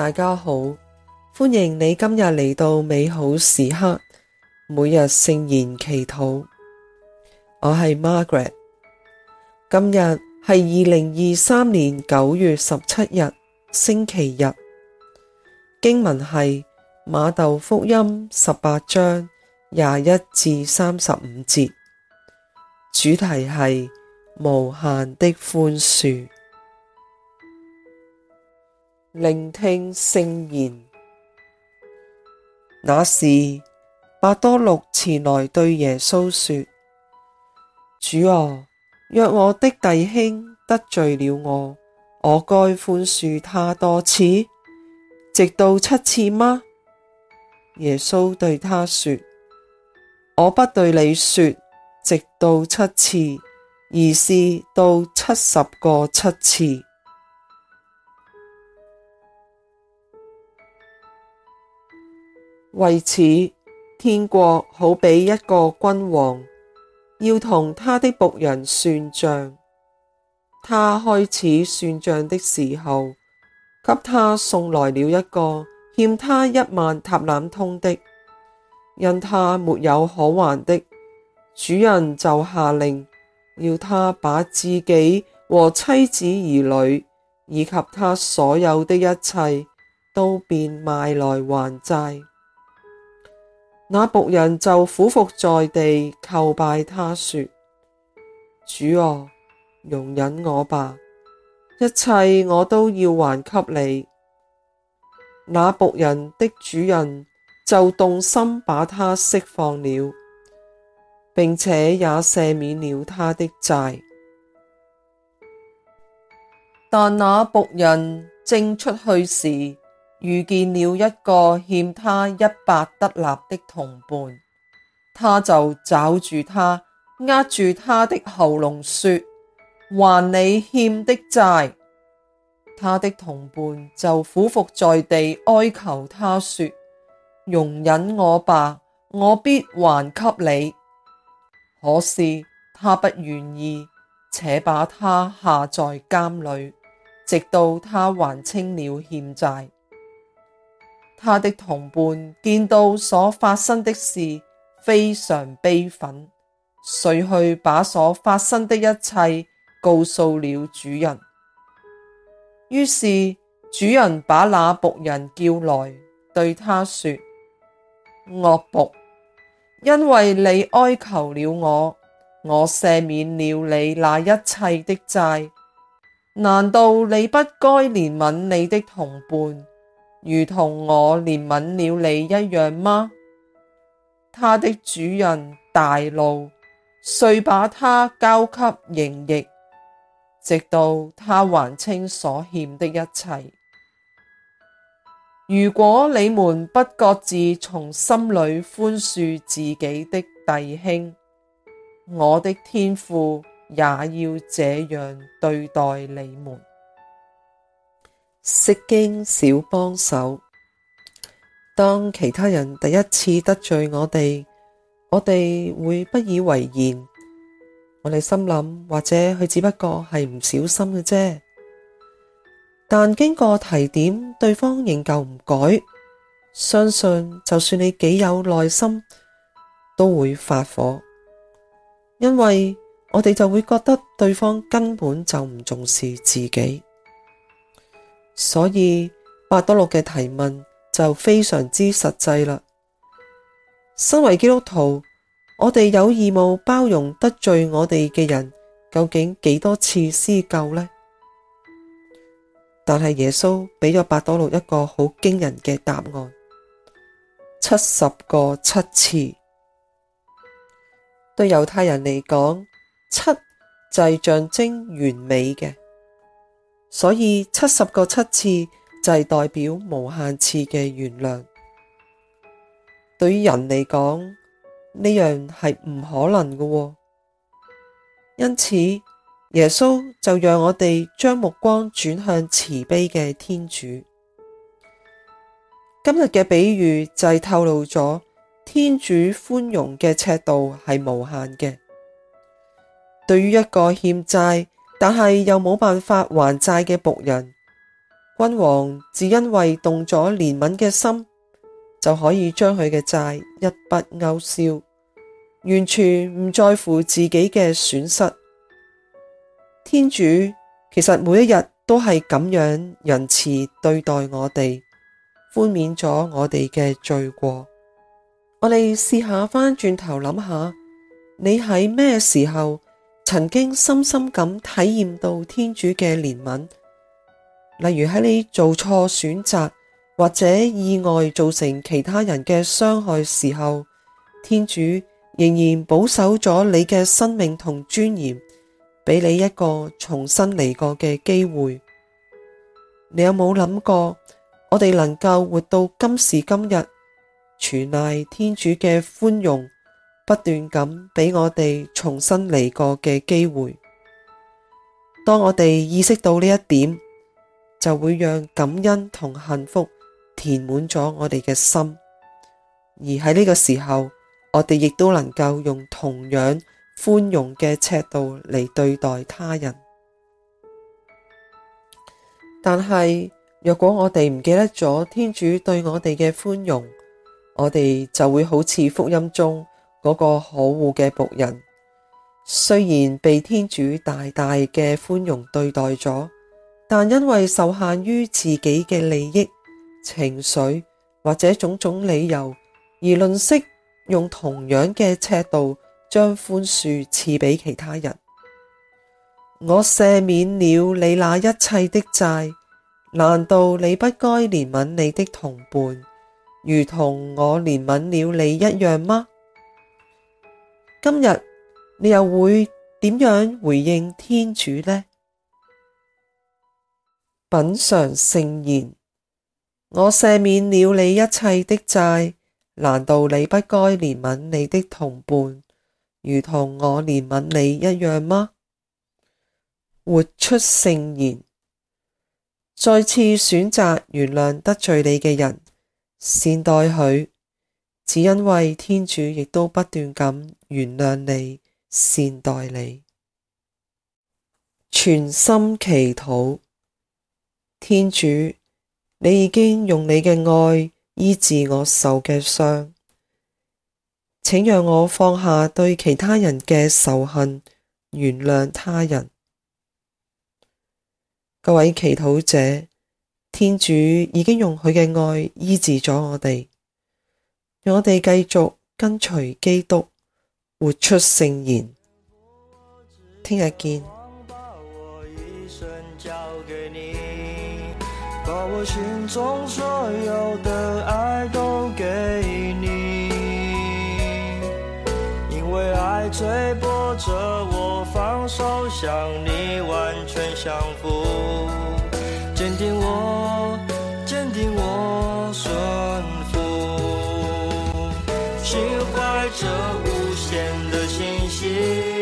大家好，歡迎你今日嚟到美好時刻，每日聖言祈禱。我係 Margaret，今日係二零二三年九月十七日，星期日。經文係馬竇福音十八章廿一至三十五節，主題係無限的寬恕。聆聽聖言。那時，伯多祿前來對耶穌說：主啊，若我的弟兄得罪了我，我該寬恕他多次，直到七次嗎？耶穌對他說：我不對你說，直到七次，而是到七十個七次。為此，天國好比一個君王，要同他的僕人算賬。他開始算賬的時候，給他送來了一個欠他一萬塔冷通的，因他沒有可還的，主人就下令要他把自己和妻子兒女以及他所有的一切都變賣來還債。那僕人就俯伏在地叩拜他說，說：主啊，容忍我吧，一切我都要還給你。那僕人的主人就動心，把他釋放了，並且也赦免了他的債。但那僕人正出去時，遇見了一個欠他一百德納的同伴，他就抓住他，握住他的喉嚨，說：還你欠的債。他的同伴就俯伏在地哀求他說：容忍我吧，我必還給你。可是他不願意，且把他下在監裏，直到他還清了欠債。他的同伴見到所發生的事，非常悲憤，遂去把所發生的一切告訴了主人。於是主人把那僕人叫來，對他說： 惡僕，因為你哀求了我，我赦免了你那一切的債，難道你不該憐憫你的同伴，如同我憐憫了你一樣嗎？他的主人大怒，遂把他交給刑役，直到他還清所欠的一切。如果你們不各自從心裡寬恕自己的弟兄，我的天父也要這樣對待你們。釋經小幫手，當其他人第一次得罪我哋，我哋會不以為然，我哋心諗或者佢只不過係唔小心嘅啫。但經過提點，對方仍舊唔改，相信就算你幾有耐心，都會發火，因為我哋就會覺得對方根本就唔重視自己。所以，伯多祿嘅提問就非常之實際啦。身為基督徒，我哋有義務包容得罪我哋嘅人，究竟幾多次施救呢？但係耶穌俾咗伯多祿一個好驚人嘅答案：七十個七次，對猶太人嚟講，七就象徵完美嘅。所以七十個七次就係代表無限次嘅原諒。對於人嚟講，呢樣係唔可能嘅哦。因此，耶穌就讓我哋將目光轉向慈悲嘅天主。今日嘅比喻就係透露咗天主寬容嘅尺度係無限嘅。對於一個欠債。但係又冇辦法還債嘅僕人，君王只因為動咗憐憫嘅心，就可以將佢嘅債一筆勾銷，完全唔在乎自己嘅損失。天主其實每一日都係咁樣仁慈對待我哋，寬免咗我哋嘅罪過。我哋試下翻轉頭諗下，你喺咩時候曾經深深咁體驗到天主嘅憐憫，例如喺你做錯選擇或者意外造成其他人嘅傷害時候，天主仍然保守咗你嘅生命同尊嚴，俾你一個重新嚟過嘅機會。你有冇諗過，我哋能夠活到今時今日，全賴天主嘅寬容。不斷咁俾我哋重新嚟過嘅機會，當我哋意識到呢一點，就會讓感恩同幸福填滿咗我哋嘅心，而喺呢個時候，我哋亦都能夠用同樣寬容嘅尺度嚟對待他人。但係若果我哋唔記得咗天主對我哋嘅寬容，我哋就會好似福音中嗰個可惡嘅僕人，雖然被天主大大嘅寬容對待咗，但因為受限於自己嘅利益、情緒或者種種理由，而吝嗇用同樣嘅尺度將寬恕賜俾其他人。我赦免了你那一切的債，難道你不該憐憫你的同伴，如同我憐憫了你一樣嗎？今日你又會點樣回應天主呢？品嘗聖言，我赦免了你一切的債，難道你不該憐憫你的同伴，如同我憐憫你一樣嗎？活出聖言，再次選擇原諒得罪你嘅人，善待佢。只因為天主亦都不斷咁原諒你、善待你，全心祈禱。天主，你已經用你嘅愛醫治我受嘅傷，請讓我放下對其他人嘅仇恨，原諒他人。各位祈禱者，天主已經用佢嘅愛醫治咗我哋。讓我哋繼續跟隨基督，活出聖言。聽日見。心懷着無限的信心。